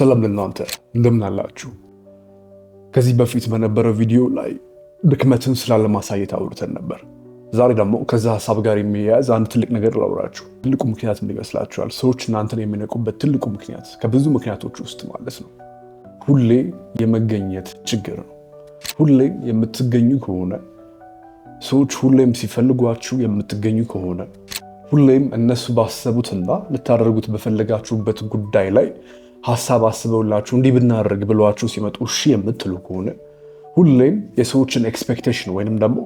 ሰላም ለእናንተ እንደምን አላችሁ? ከዚህ በፊት በነበረው ቪዲዮ ላይ ድክመትን ስላለማሳየት አውርተን ነበር። ዛሬ ደግሞ ከዛ ሀሳብ ጋር የሚያያዝ አንድ ትልቅ ነገር ላውራችሁ። ትልቁ ምክንያት ምን ይመስላችኋል? ሰዎች እናንተን የሚነቁበት ትልቁ ምክንያት ከብዙ ምክንያቶች ውስጥ ማለት ነው ሁሌ የመገኘት ችግር ነው። ሁሌ የምትገኙ ከሆነ ሰዎች ሁሌም ሲፈልጓችሁ የምትገኙ ከሆነ ሁሌም እነሱ ባሰቡትና ልታደርጉት በፈለጋችሁበት ጉዳይ ላይ ሀሳብ አስበውላችሁ እንዲህ ብናደርግ ብለዋችሁ ሲመጡ እሺ የምትሉ ከሆነ ሁሌም የሰዎችን ኤክስፔክቴሽን ወይንም ደግሞ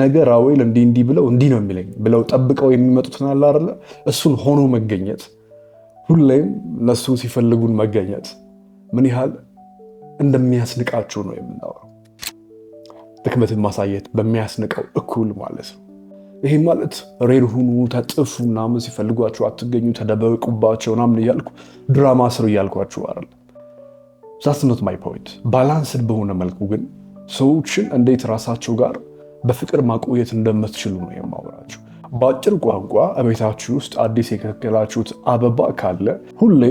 ነገ ራዌል እንዲህ እንዲህ ብለው እንዲህ ነው የሚለኝ ብለው ጠብቀው የሚመጡትን አለ አይደለ? እሱን ሆኖ መገኘት ሁሌም እነሱ ሲፈልጉን መገኘት ምን ያህል እንደሚያስንቃችሁ ነው የምናወራው። ድክመትን ማሳየት በሚያስንቀው እኩል ማለት ነው። ይሄ ማለት ሬር ሁኑ፣ ተጥፉ፣ ምናምን ሲፈልጓቸው አትገኙ፣ ተደበቁባቸው ምናምን እያልኩ ድራማ ስሩ እያልኳቸው አለ ዛስነት ማይ ፖይንት። ባላንስድ በሆነ መልኩ ግን ሰዎችን እንዴት ራሳቸው ጋር በፍቅር ማቆየት እንደምትችሉ ነው የማወራቸው። በአጭር ቋንቋ እቤታችሁ ውስጥ አዲስ የተከላችሁት አበባ ካለ ሁሌ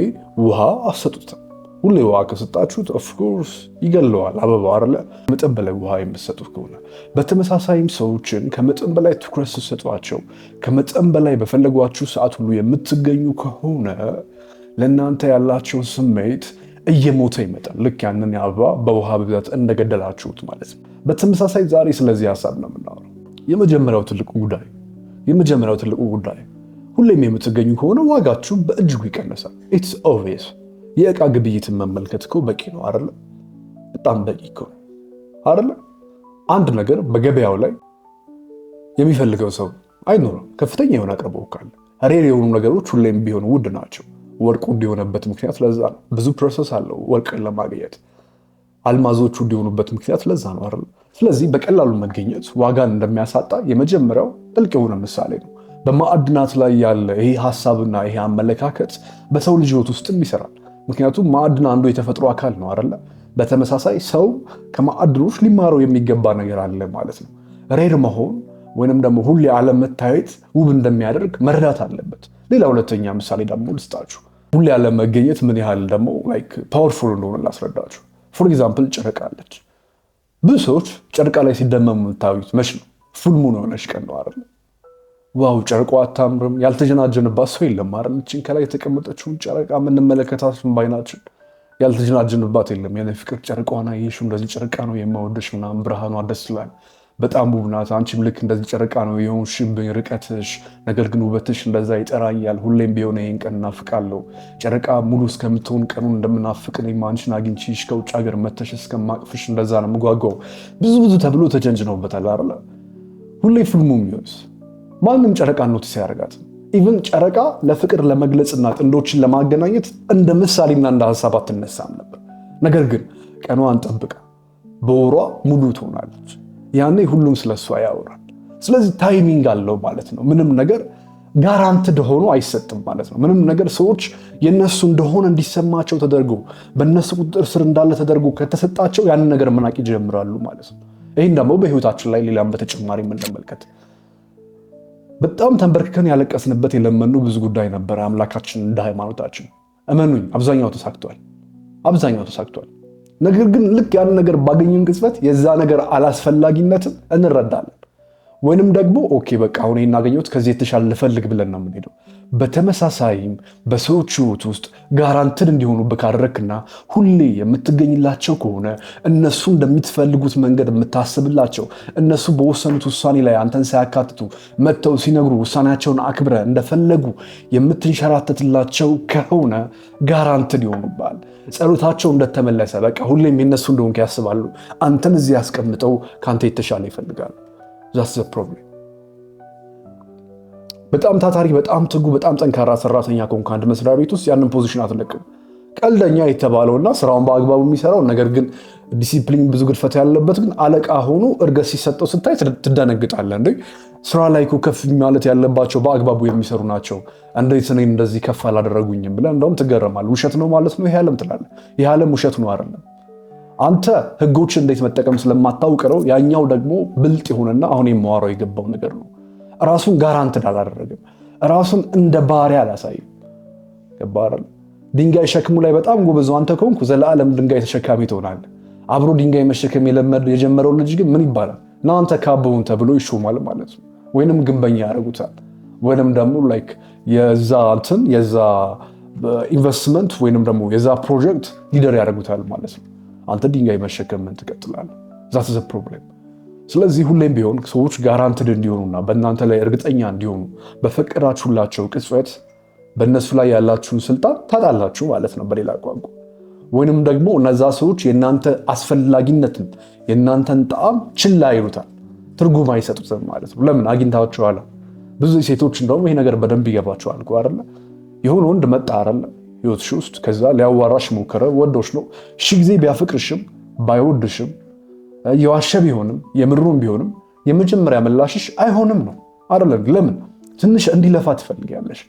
ውሃ አሰጡትም። ሁሌ ውሃ ከሰጣችሁት ኦፍኮርስ ይገለዋል። አበባ አለ መጠን በላይ ውሃ የምትሰጡት ከሆነ በተመሳሳይም ሰዎችን ከመጠን በላይ ትኩረት ስትሰጧቸው፣ ከመጠን በላይ በፈለጓችሁ ሰዓት ሁሉ የምትገኙ ከሆነ ለእናንተ ያላቸውን ስሜት እየሞተ ይመጣል። ልክ ያንን አበባ በውሃ ብዛት እንደገደላችሁት ማለት ነው። በተመሳሳይ ዛሬ ስለዚህ ሀሳብ ነው የምናወራው። የመጀመሪያው ትልቁ ጉዳይ የመጀመሪያው ትልቁ ጉዳይ ሁሌም የምትገኙ ከሆነ ዋጋችሁ በእጅጉ ይቀነሳል። ኢትስ የእቃ ግብይትን መመልከት እኮ በቂ ነው አይደለም? በጣም በቂ እኮ ነው አንድ ነገር በገበያው ላይ የሚፈልገው ሰው አይኖርም። ከፍተኛ የሆነ አቅርቦት ካለ ሬር የሆኑ ነገሮች ሁሌም ቢሆን ውድ ናቸው። ወርቁ እንዲሆነበት ምክንያት ለዛ ነው። ብዙ ፕሮሰስ አለው ወርቅን ለማግኘት። አልማዞቹ እንዲሆኑበት ምክንያት ለዛ ነው አይደል? ስለዚህ በቀላሉ መገኘት ዋጋን እንደሚያሳጣ የመጀመሪያው ጥልቅ የሆነ ምሳሌ ነው። በማዕድናት ላይ ያለ ይሄ ሀሳብና ይሄ አመለካከት በሰው ልጅ ህይወት ውስጥም ይሰራል። ምክንያቱም ማዕድን አንዱ የተፈጥሮ አካል ነው አይደለ? በተመሳሳይ ሰው ከማዕድኖች ሊማረው የሚገባ ነገር አለ ማለት ነው። ሬር መሆን ወይንም ደግሞ ሁሌ አለመታየት ውብ እንደሚያደርግ መረዳት አለበት። ሌላ ሁለተኛ ምሳሌ ደግሞ ልስጣችሁ። ሁሌ አለመገኘት ምን ያህል ደግሞ ላይክ ፓወርፉል እንደሆነ ላስረዳችሁ። ፎር ኤግዛምፕል ጨረቃ አለች። ብዙ ሰዎች ጨረቃ ላይ ሲደመሙ የምታዩት መች ነው? ፉልሙን የሆነች ቀን ነው አይደለ? ዋው ጨርቋ አታምርም? ያልተጀናጀንባት ሰው የለም አይደል? እችን ከላይ የተቀመጠችውን ጨረቃ የምንመለከታትን ባይናችን ያልተጀናጀንባት የለም። የኔ ፍቅር ጨርቋና ይሹ እንደዚህ ጨርቃ ነው የማወደሽ ምናምን ብርሃኗ ደስ ይላል። በጣም ውብ ናት። አንቺም ልክ እንደዚህ ጨረቃ ነው የሆንሽብኝ ርቀትሽ፣ ነገር ግን ውበትሽ እንደዛ ይጠራኛል። ሁሌም ቢሆን ይህን ቀን እናፍቃለሁ። ጨረቃ ሙሉ እስከምትሆን ቀኑን እንደምናፍቅ እኔም አንቺን አግኝቼሽ ከውጭ ሀገር መተሽ እስከማቅፍሽ እንደዛ ነው የምጓጓው። ብዙ ብዙ ተብሎ ተጀንጅነውበታል አለ ሁሌ ፍልሙ የሚሆንስ ማንም ጨረቃ ኖቲስ ያደርጋት። ኢቭን ጨረቃ ለፍቅር ለመግለጽና ጥንዶችን ለማገናኘት እንደ ምሳሌና እንደ ሀሳብ አትነሳም ነበር። ነገር ግን ቀኗን ጠብቃ በወሯ ሙሉ ትሆናለች። ያኔ ሁሉም ስለሱ ያወራል። ስለዚህ ታይሚንግ አለው ማለት ነው። ምንም ነገር ጋራንት ሆኖ አይሰጥም ማለት ነው። ምንም ነገር ሰዎች የነሱ እንደሆነ እንዲሰማቸው ተደርጎ በእነሱ ቁጥጥር ስር እንዳለ ተደርጎ ከተሰጣቸው ያንን ነገር መናቅ ይጀምራሉ ማለት ነው። ይህን ደግሞ በህይወታችን ላይ ሌላም በተጨማሪ የምንመልከት በጣም ተንበርክከን ያለቀስንበት የለመኑ ብዙ ጉዳይ ነበረ። አምላካችን እንደ ሃይማኖታችን እመኑኝ፣ አብዛኛው ተሳክቷል፣ አብዛኛው ተሳክቷል። ነገር ግን ልክ ያን ነገር ባገኘን ቅጽበት የዛ ነገር አላስፈላጊነትም እንረዳለን። ወይንም ደግሞ ኦኬ በቃ አሁን የናገኘት ከዚህ የተሻለ ልፈልግ ብለን ነው የምንሄደው። በተመሳሳይም በሰዎች ህይወት ውስጥ ጋራንትን እንዲሆኑ ካደረግክና ሁሌ የምትገኝላቸው ከሆነ እነሱ እንደሚትፈልጉት መንገድ የምታስብላቸው እነሱ በወሰኑት ውሳኔ ላይ አንተን ሳያካትቱ መጥተው ሲነግሩ ውሳኔያቸውን አክብረ እንደፈለጉ የምትንሸራተትላቸው ከሆነ ጋራንትን ይሆኑባል። ጸሎታቸው እንደተመለሰ በቃ ሁሌም የነሱ እንደሆንክ ያስባሉ። አንተን እዚህ ያስቀምጠው ከአንተ የተሻለ ይፈልጋሉ። ዛስ ዘ ፕሮብሌም። በጣም ታታሪ፣ በጣም ትጉ፣ በጣም ጠንካራ ሰራተኛ ከሆንክ አንድ መስሪያ ቤት ውስጥ ያንን ፖዚሽን አትለቅም። ቀልደኛ የተባለውና ስራውን በአግባቡ የሚሰራው ነገር ግን ዲሲፕሊን ብዙ ግድፈት ያለበት ግን አለቃ ሆኖ እርገት ሲሰጠው ስታይ ትደነግጣለህ። እንደ ስራ ላይ ከፍ ማለት ያለባቸው በአግባቡ የሚሰሩ ናቸው፣ እንዴት እኔን እንደዚህ ከፍ አላደረጉኝም ብለህ እንደውም ትገረማለህ። ውሸት ነው ማለት ነው ይህ ዓለም ትላለህ። ይህ ዓለም ውሸት ነው አይደለም። አንተ ህጎች እንዴት መጠቀም ስለማታውቅ ነው። ያኛው ደግሞ ብልጥ ይሁንና አሁን የማዋራው የገባው ነገር ነው። ራሱን ጋራንትን አላደረግም። ራሱን እንደ ባሪያ አላሳይም። ገባል። ድንጋይ ሸክሙ ላይ በጣም ጎበዝ አንተ ከሆንኩ ዘለዓለም ድንጋይ ተሸካሚ ትሆናለህ። አብሮ ድንጋይ መሸከም የጀመረው ልጅ ግን ምን ይባላል? እናንተ ካበውን ተብሎ ይሾማል ማለት ነው። ወይንም ግንበኛ ያደርጉታል። ወይንም ደግሞ ላይክ የዛ እንትን የዛ ኢንቨስትመንት ወይንም ደግሞ የዛ ፕሮጀክት ሊደር ያደርጉታል ማለት ነው። አንተ ድንጋይ ምን ትቀጥላለህ። ዛት ዘ ፕሮብሌም። ስለዚህ ሁሌም ቢሆን ሰዎች ጋራንትድ እንዲሆኑና በእናንተ ላይ እርግጠኛ እንዲሆኑ በፈቀዳችሁላቸው ቅጽበት በእነሱ ላይ ያላችሁን ስልጣን ታጣላችሁ ማለት ነው በሌላ ቋንቋ ወይንም ደግሞ እነዛ ሰዎች የእናንተ አስፈላጊነትን የእናንተን ጣዕም ችላ ይሉታል፣ ትርጉም አይሰጡትም ማለት ነው። ለምን አግኝታችኋል። ብዙ ሴቶች እንደውም ይሄ ነገር በደንብ ይገባቸዋል። አይደለ የሆነ ወንድ መጣ አይደለ ህይወትሽ ውስጥ ከዛ ሊያዋራሽ ሞከረ። ወዶች ነው ሺ ጊዜ ቢያፈቅርሽም ባይወድሽም የዋሸ ቢሆንም የምሩም ቢሆንም የመጀመሪያ ምላሽሽ አይሆንም ነው አይደለም? ለምን ትንሽ እንዲለፋ ትፈልጊያለሽ።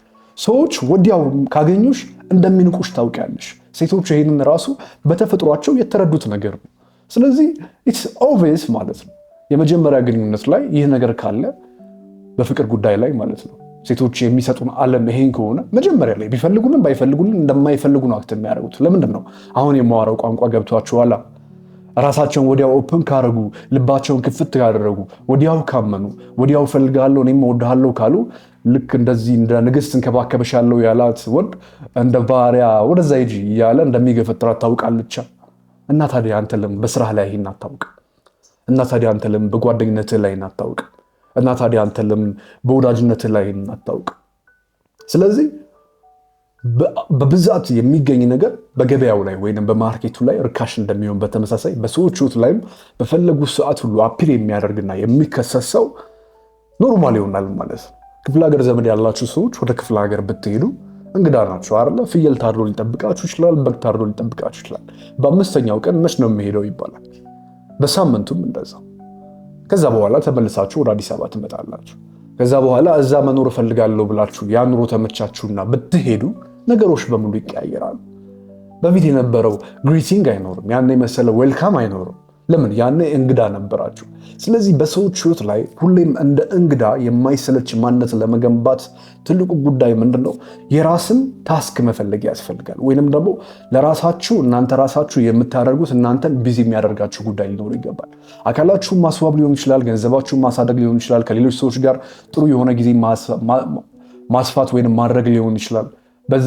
ሰዎች ወዲያው ካገኙሽ እንደሚንቁሽ ታውቂያለሽ። ሴቶች ይህንን ራሱ በተፈጥሯቸው የተረዱት ነገር ነው። ስለዚህ ኢትስ ኦቪየስ ማለት ነው። የመጀመሪያ ግንኙነት ላይ ይህ ነገር ካለ በፍቅር ጉዳይ ላይ ማለት ነው ሴቶች የሚሰጡን ዓለም ይሄን ከሆነ መጀመሪያ ላይ ቢፈልጉንም ባይፈልጉልን እንደማይፈልጉ ነው አክት የሚያደርጉት። ለምንድን ነው አሁን የማወራው ቋንቋ ገብቷችኋል? ራሳቸውን ወዲያው ኦፕን ካደረጉ፣ ልባቸውን ክፍት ካደረጉ፣ ወዲያው ካመኑ፣ ወዲያው ፈልጋለሁ እኔም ወድሃለሁ ካሉ ልክ እንደዚህ እንደ ንግስት እንከባከበሻለሁ ያላት ወንድ እንደ ባሪያ ወደዛ ሂጂ እያለ እንደሚገፈጥር አታውቃልቻ። እና ታዲያ አንተ ለምን በስራህ ላይ ይህን አታውቅ? እና ታዲያ አንተ ለምን በጓደኝነትህ ላይ ይህን እና ታዲያ አንተ ለምን ላይ አታውቅ? ስለዚህ በብዛት የሚገኝ ነገር በገበያው ላይ ወይም በማርኬቱ ላይ ርካሽ እንደሚሆን በተመሳሳይ በሰዎች ሕይወት ላይም በፈለጉ ሰዓት ሁሉ አፒል የሚያደርግና የሚከሰት ሰው ኖርማል ይሆናል ማለት ነው። ክፍለ ሀገር ዘመድ ያላችሁ ሰዎች ወደ ክፍለ ሀገር ብትሄዱ እንግዳ ናቸው አለ። ፍየል ታርዶ ሊጠብቃችሁ ይችላል። በግ ታርዶ ሊጠብቃችሁ ይችላል። በአምስተኛው ቀን መች ነው የሚሄደው ይባላል። በሳምንቱም እንደዛ ከዛ በኋላ ተመልሳችሁ ወደ አዲስ አበባ ትመጣላችሁ። ከዛ በኋላ እዛ መኖር እፈልጋለሁ ብላችሁ ያ ኑሮ ተመቻችሁና ብትሄዱ ነገሮች በሙሉ ይቀያየራሉ። በፊት የነበረው ግሪቲንግ አይኖርም። ያን የመሰለ ዌልካም አይኖርም። ለምን ያኔ እንግዳ ነበራችሁ። ስለዚህ በሰዎች ህይወት ላይ ሁሌም እንደ እንግዳ የማይሰለች ማንነት ለመገንባት ትልቁ ጉዳይ ምንድን ነው? የራስን ታስክ መፈለግ ያስፈልጋል። ወይንም ደግሞ ለራሳችሁ እናንተ ራሳችሁ የምታደርጉት እናንተን ቢዚ የሚያደርጋችሁ ጉዳይ ሊኖሩ ይገባል። አካላችሁን ማስዋብ ሊሆን ይችላል፣ ገንዘባችሁን ማሳደግ ሊሆን ይችላል፣ ከሌሎች ሰዎች ጋር ጥሩ የሆነ ጊዜ ማስፋት ወይም ማድረግ ሊሆን ይችላል።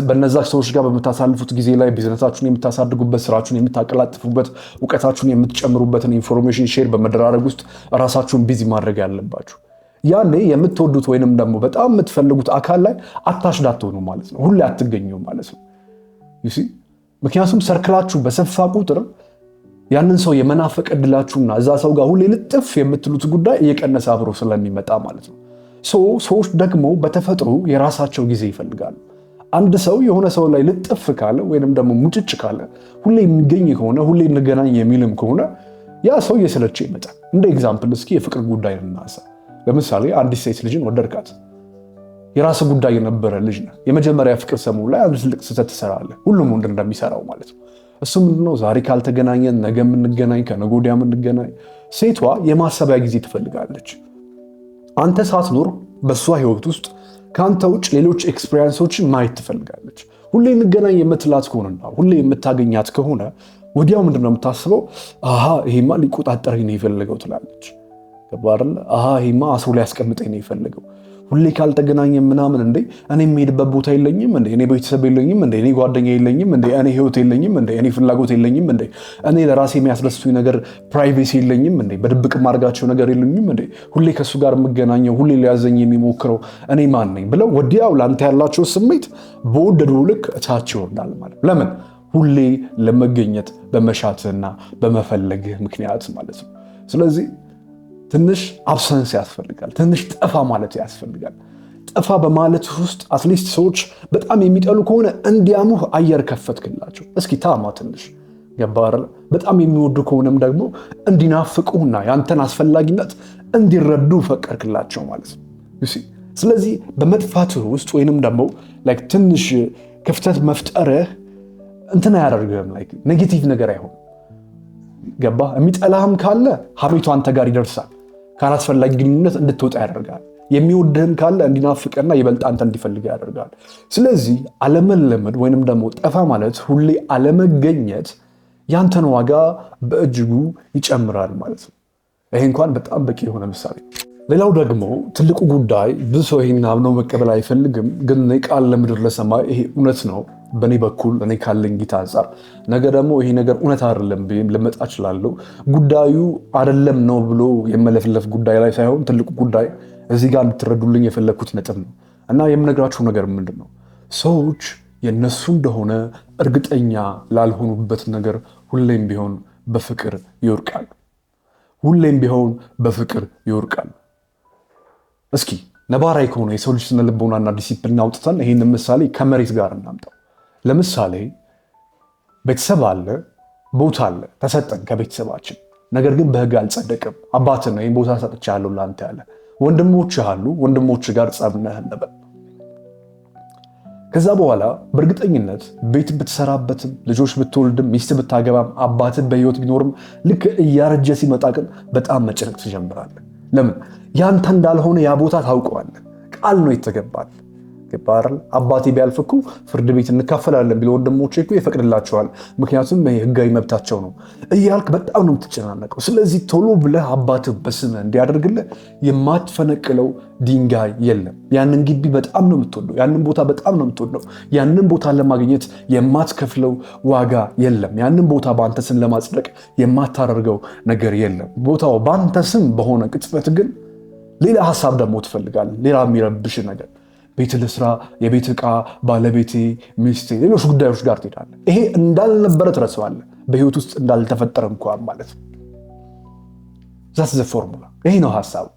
በነዛ ሰዎች ጋር በምታሳልፉት ጊዜ ላይ ቢዝነሳችሁን የምታሳድጉበት፣ ስራችሁን የምታቀላጥፉበት፣ እውቀታችሁን የምትጨምሩበትን ኢንፎርሜሽን ሼር በመደራረግ ውስጥ ራሳችሁን ቢዚ ማድረግ ያለባችሁ። ያኔ የምትወዱት ወይንም ደግሞ በጣም የምትፈልጉት አካል ላይ አታሽድ አትሆኑ ማለት ነው። ሁሌ አትገኙ ማለት ነው። ምክንያቱም ሰርክላችሁ በሰፋ ቁጥር ያንን ሰው የመናፈቅ እድላችሁና እዛ ሰው ጋር ሁሌ ልጥፍ የምትሉት ጉዳይ እየቀነሰ አብሮ ስለሚመጣ ማለት ነው። ሰዎች ደግሞ በተፈጥሮ የራሳቸው ጊዜ ይፈልጋሉ። አንድ ሰው የሆነ ሰው ላይ ልጥፍ ካለ ወይም ደግሞ ሙጭጭ ካለ ሁሌ የሚገኝ ከሆነ ሁሌ እንገናኝ የሚልም ከሆነ ያ ሰው እየሰለቸ ይመጣል። እንደ ኤግዛምፕል እስኪ የፍቅር ጉዳይ እናንሳ። ለምሳሌ አንዲት ሴት ልጅን ወደድካት፣ የራስ ጉዳይ የነበረ ልጅ ነው። የመጀመሪያ ፍቅር ሰሞን ላይ አንድ ትልቅ ስህተት ትሰራለህ። ሁሉም ወንድ እንደሚሰራው ማለት ነው። እሱ ምንድነው? ዛሬ ካልተገናኘን ነገ የምንገናኝ ከነገ ወዲያ የምንገናኝ። ሴቷ የማሰቢያ ጊዜ ትፈልጋለች። አንተ ሳትኖር በእሷ ህይወት ውስጥ ከአንተ ውጭ ሌሎች ኤክስፔሪንሶችን ማየት ትፈልጋለች። ሁሌ እንገናኝ የምትላት ከሆነና ሁሌ የምታገኛት ከሆነ ወዲያው ምንድነው የምታስበው? አሃ ይሄማ ሊቆጣጠረኝ ነው የፈለገው ትላለች። ገባ አይደለ? አሃ ይሄማ አስሮ ሊያስቀምጠኝ ነው የፈለገው ሁሌ ካልተገናኘ ምናምን እንዴ እኔ የምሄድበት ቦታ የለኝም እንዴ እኔ ቤተሰብ የለኝም እንዴ እኔ ጓደኛ የለኝም እንዴ እኔ ህይወት የለኝም እንዴ እኔ ፍላጎት የለኝም እንዴ እኔ ለራሴ የሚያስደስቱኝ ነገር ፕራይቬሲ የለኝም እንዴ በድብቅ ማድረጋቸው ነገር የለኝም እንዴ ሁሌ ከእሱ ጋር የምገናኘው ሁሌ ሊያዘኝ የሚሞክረው እኔ ማን ነኝ ብለው ወዲያው ለአንተ ያላቸው ስሜት በወደዱ ልክ እታች ይወርዳል ማለት ለምን ሁሌ ለመገኘት በመሻትህና በመፈለግህ ምክንያት ማለት ነው ስለዚህ ትንሽ አብሰንስ ያስፈልጋል። ትንሽ ጠፋ ማለት ያስፈልጋል። ጠፋ በማለት ውስጥ አትሊስት ሰዎች በጣም የሚጠሉ ከሆነ እንዲያሙህ አየር ከፈትክላቸው። እስኪ ታማ ትንሽ ገባር በጣም የሚወዱ ከሆነም ደግሞ እንዲናፍቁና ያንተን አስፈላጊነት እንዲረዱ ፈቀድክላቸው ማለት ነው። ስለዚህ በመጥፋት ውስጥ ወይንም ደግሞ ትንሽ ክፍተት መፍጠርህ እንትን አያደርግህም፣ ኔጌቲቭ ነገር አይሆንም። ገባ የሚጠላህም ካለ ሀሜቱ አንተ ጋር ይደርሳል። ካላስፈላጊ ግንኙነት እንድትወጣ ያደርጋል። የሚወድህን ካለ እንዲናፍቅና ይበልጥ አንተ እንዲፈልግ ያደርጋል። ስለዚህ አለመለመድ ወይንም ደግሞ ጠፋ ማለት ሁሌ አለመገኘት ያንተን ዋጋ በእጅጉ ይጨምራል ማለት ነው። ይሄ እንኳን በጣም በቂ የሆነ ምሳሌ። ሌላው ደግሞ ትልቁ ጉዳይ ብዙ ሰው ይህን አምኖ መቀበል አይፈልግም፣ ግን ቃል ለምድር ለሰማይ ይሄ እውነት ነው። በእኔ በኩል እኔ ካለኝ ጌታ አንጻር ነገ ደግሞ ይሄ ነገር እውነት አይደለም ልመጣ እችላለሁ። ጉዳዩ አይደለም ነው ብሎ የመለፍለፍ ጉዳይ ላይ ሳይሆን ትልቁ ጉዳይ እዚህ ጋር እንድትረዱልኝ የፈለግኩት ነጥብ ነው እና የምነግራችሁ ነገር ምንድን ነው ሰዎች የእነሱ እንደሆነ እርግጠኛ ላልሆኑበት ነገር ሁሌም ቢሆን በፍቅር ይወድቃሉ። ሁሌም ቢሆን በፍቅር ይወርቃሉ እስኪ ነባራዊ ከሆነ የሰው ልጅ ስነልቦናና ዲሲፕሊን አውጥተን ይህንን ምሳሌ ከመሬት ጋር እናምጣው። ለምሳሌ ቤተሰብ አለ፣ ቦታ አለ፣ ተሰጠን ከቤተሰባችን ነገር ግን በህግ አልጸደቅም። አባትና ይህን ቦታ ሰጥቻለሁ ለአንተ ያለ ወንድሞች አሉ፣ ወንድሞች ጋር ጸብነህ እንበል። ከዛ በኋላ በእርግጠኝነት ቤት ብትሰራበትም ልጆች ብትወልድም ሚስት ብታገባም አባትን በህይወት ቢኖርም ልክ እያረጀ ሲመጣ ግን በጣም መጨነቅ ትጀምራለህ። ለምን ያንተ እንዳልሆነ ያ ቦታ ታውቀዋለህ። ቃል ነው የተገባል። ይባላል። አባቴ ቢያልፍ እኮ ፍርድ ቤት እንካፈላለን ቢል ወንድሞቼ እኮ ይፈቅድላቸዋል፣ ምክንያቱም ይሄ ህጋዊ መብታቸው ነው እያልክ በጣም ነው የምትጨናነቀው። ስለዚህ ቶሎ ብለህ አባትህ በስምህ እንዲያደርግልህ የማትፈነቅለው ድንጋይ የለም። ያንን ግቢ በጣም ነው የምትወደው፣ ያንን ቦታ በጣም ነው የምትወደው። ያንን ቦታ ለማግኘት የማትከፍለው ዋጋ የለም። ያንን ቦታ በአንተ ስም ለማጽደቅ የማታደርገው ነገር የለም። ቦታው በአንተ ስም በሆነ ቅጽበት ግን ሌላ ሀሳብ ደግሞ ትፈልጋለህ፣ ሌላ የሚረብሽ ነገር ቤት ልስራ፣ የቤት ዕቃ ባለቤቴ፣ ሚስቴ፣ ሌሎች ጉዳዮች ጋር ትሄዳለ ይሄ እንዳልነበረ ትረሳዋለህ። በህይወት ውስጥ እንዳልተፈጠረ እንኳን ማለት ነው። ዛት ዘ ፎርሙላ። ይሄ ነው ሀሳቡ።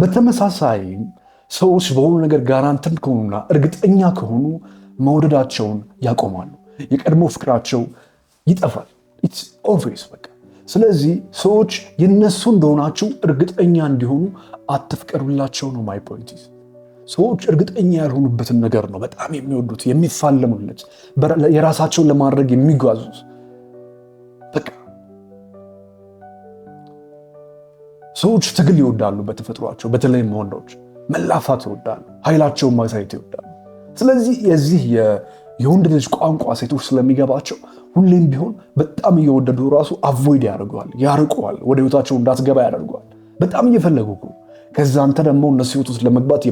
በተመሳሳይም ሰዎች በሆኑ ነገር ጋራንትን ከሆኑና እርግጠኛ ከሆኑ መውደዳቸውን ያቆማሉ። የቀድሞ ፍቅራቸው ይጠፋል። ኢትስ ኦብቪየስ በቃ። ስለዚህ ሰዎች የነሱ እንደሆናችሁ እርግጠኛ እንዲሆኑ አትፍቀዱላቸው ነው ማይ ፖይንት። ሰዎች እርግጠኛ ያልሆኑበትን ነገር ነው በጣም የሚወዱት የሚፋለሙለት፣ የራሳቸውን ለማድረግ የሚጓዙት። በቃ ሰዎች ትግል ይወዳሉ በተፈጥሯቸው፣ በተለይም ወንዶች መላፋት ይወዳሉ፣ ኃይላቸውን ማሳየት ይወዳሉ። ስለዚህ የዚህ የወንድ ልጅ ቋንቋ ሴቶች ስለሚገባቸው ሁሌም ቢሆን በጣም እየወደዱ ራሱ አቮይድ ያደርገዋል፣ ያርቀዋል፣ ወደ ህይወታቸው እንዳትገባ ያደርገዋል። በጣም እየፈለጉ ከዛ አንተ ደግሞ እነሱ ህይወት ውስጥ ለመግባት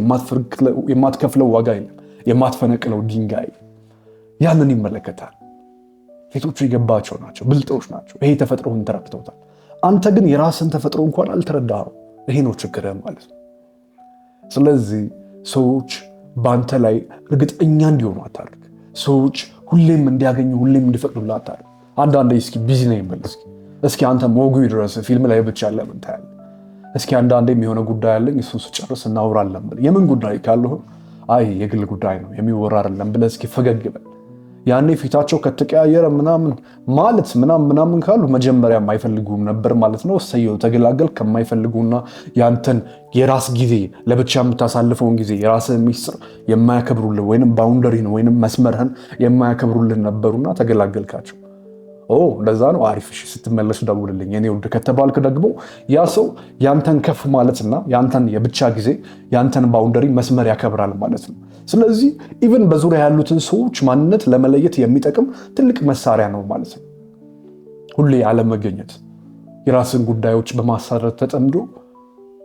የማትከፍለው ዋጋ የለም፣ የማትፈነቅለው ድንጋይ ያንን ይመለከታል። ሴቶቹ የገባቸው ናቸው፣ ብልጦች ናቸው። ይሄ ተፈጥሮን ተረድተውታል። አንተ ግን የራስን ተፈጥሮ እንኳን አልተረዳኸው። ይሄ ነው ችግርህ ማለት ነው። ስለዚህ ሰዎች በአንተ ላይ እርግጠኛ እንዲሆኑ አታድርግ። ሰዎች ሁሌም እንዲያገኙ ሁሌም እንዲፈቅዱላ አታድርግ። አንዳንዴ እስኪ ቢዚ ነኝ በል እስኪ እስኪ አንተ ሞጉ ድረስ ፊልም ላይ ብቻ ለምን ታያለህ? እስኪ አንዳንዴም የሆነ ጉዳይ አለኝ እሱን ስጨርስ እናውራለን ብለህ የምን ጉዳይ ካልሁ አይ የግል ጉዳይ ነው የሚወራ አይደለም ብለህ እስኪ ፈገግ በል። ያኔ ፊታቸው ከተቀያየረ ምናምን ማለት ምናምን ምናምን ካሉ መጀመሪያ የማይፈልጉም ነበር ማለት ነው። እሰየው ተገላገል ከማይፈልጉና ያንተን የራስ ጊዜ ለብቻ የምታሳልፈውን ጊዜ የራስህን ሚስጥር የማያከብሩልን ወይም ባውንደሪን ወይም መስመርህን የማያከብሩልን ነበሩና ተገላገልካቸው። እንደዛ ነው አሪፍ ስትመለሱ ደውልልኝ የኔ ውድ ከተባልክ ደግሞ ያ ሰው ያንተን ከፍ ማለት እና ያንተን የብቻ ጊዜ ያንተን ባውንደሪ መስመር ያከብራል ማለት ነው። ስለዚህ ኢቨን በዙሪያ ያሉትን ሰዎች ማንነት ለመለየት የሚጠቅም ትልቅ መሳሪያ ነው ማለት ነው። ሁሌ አለመገኘት፣ የራስን ጉዳዮች በማሳረት ተጠምዶ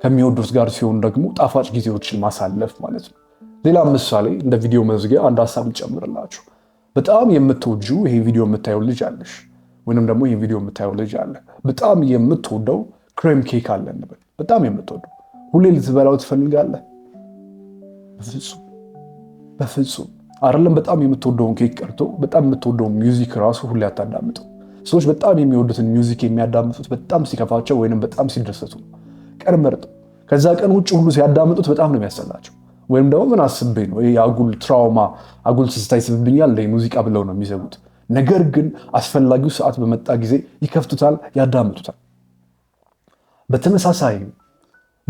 ከሚወዱት ጋር ሲሆን ደግሞ ጣፋጭ ጊዜዎችን ማሳለፍ ማለት ነው። ሌላ ምሳሌ እንደ ቪዲዮ መዝጊያ አንድ ሀሳብ ልጨምርላችሁ። በጣም የምትወጁ ይሄ ቪዲዮ የምታየው ልጅ አለሽ ወይንም ደግሞ የቪዲዮ ቪዲዮ የምታየው ልጅ አለ በጣም የምትወደው ክሬም ኬክ አለ እንበል። በጣም የምትወደው ሁሌ ልትበላው ትፈልጋለህ። በፍጹም በፍጹም አይደለም። በጣም የምትወደውን ኬክ ቀርቶ በጣም የምትወደውን ሚውዚክ ራሱ ሁሌ አታዳምጡ። ሰዎች በጣም የሚወዱትን ሚውዚክ የሚያዳምጡት በጣም ሲከፋቸው ወይንም በጣም ሲደሰቱ ነው። ቀን መርጠው ከዛ ቀን ውጭ ሁሉ ሲያዳምጡት በጣም ነው የሚያሰላቸው ወይም ደግሞ ምን አስቤ ነው አጉል ትራውማ አጉል ስስታይ ይስብብኛል ሙዚቃ ብለው ነው የሚዘጉት። ነገር ግን አስፈላጊው ሰዓት በመጣ ጊዜ ይከፍቱታል፣ ያዳምጡታል። በተመሳሳይ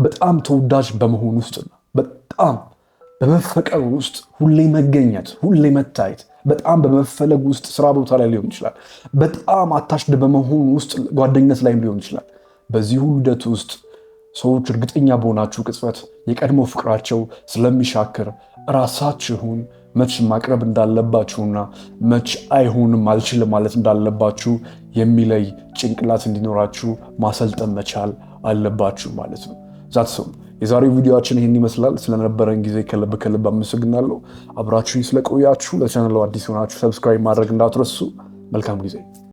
በጣም ተወዳጅ በመሆን ውስጥና በጣም በመፈቀር ውስጥ ሁሌ መገኘት፣ ሁሌ መታየት፣ በጣም በመፈለግ ውስጥ ስራ ቦታ ላይ ሊሆን ይችላል። በጣም አታሽድ በመሆን ውስጥ ጓደኝነት ላይም ሊሆን ይችላል። በዚህ ሁሉ ሂደት ውስጥ ሰዎች እርግጠኛ በሆናችሁ ቅጽበት የቀድሞ ፍቅራቸው ስለሚሻክር እራሳችሁን መች ማቅረብ እንዳለባችሁና መች አይሆንም አልችልም ማለት እንዳለባችሁ የሚለይ ጭንቅላት እንዲኖራችሁ ማሰልጠን መቻል አለባችሁ ማለት ነው። ዛትሰው የዛሬው ቪዲዮችን ይህን ይመስላል። ስለነበረን ጊዜ ከልብ ከልብ አመሰግናለሁ። አብራችሁኝ ስለቆያችሁ፣ ለቻናሉ አዲስ የሆናችሁ ሰብስክራይብ ማድረግ እንዳትረሱ። መልካም ጊዜ